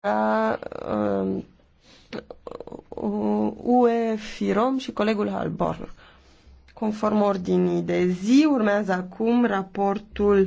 ca UE uh, uh, Firom și colegul Halborn. Conform ordinii de zi, urmează acum raportul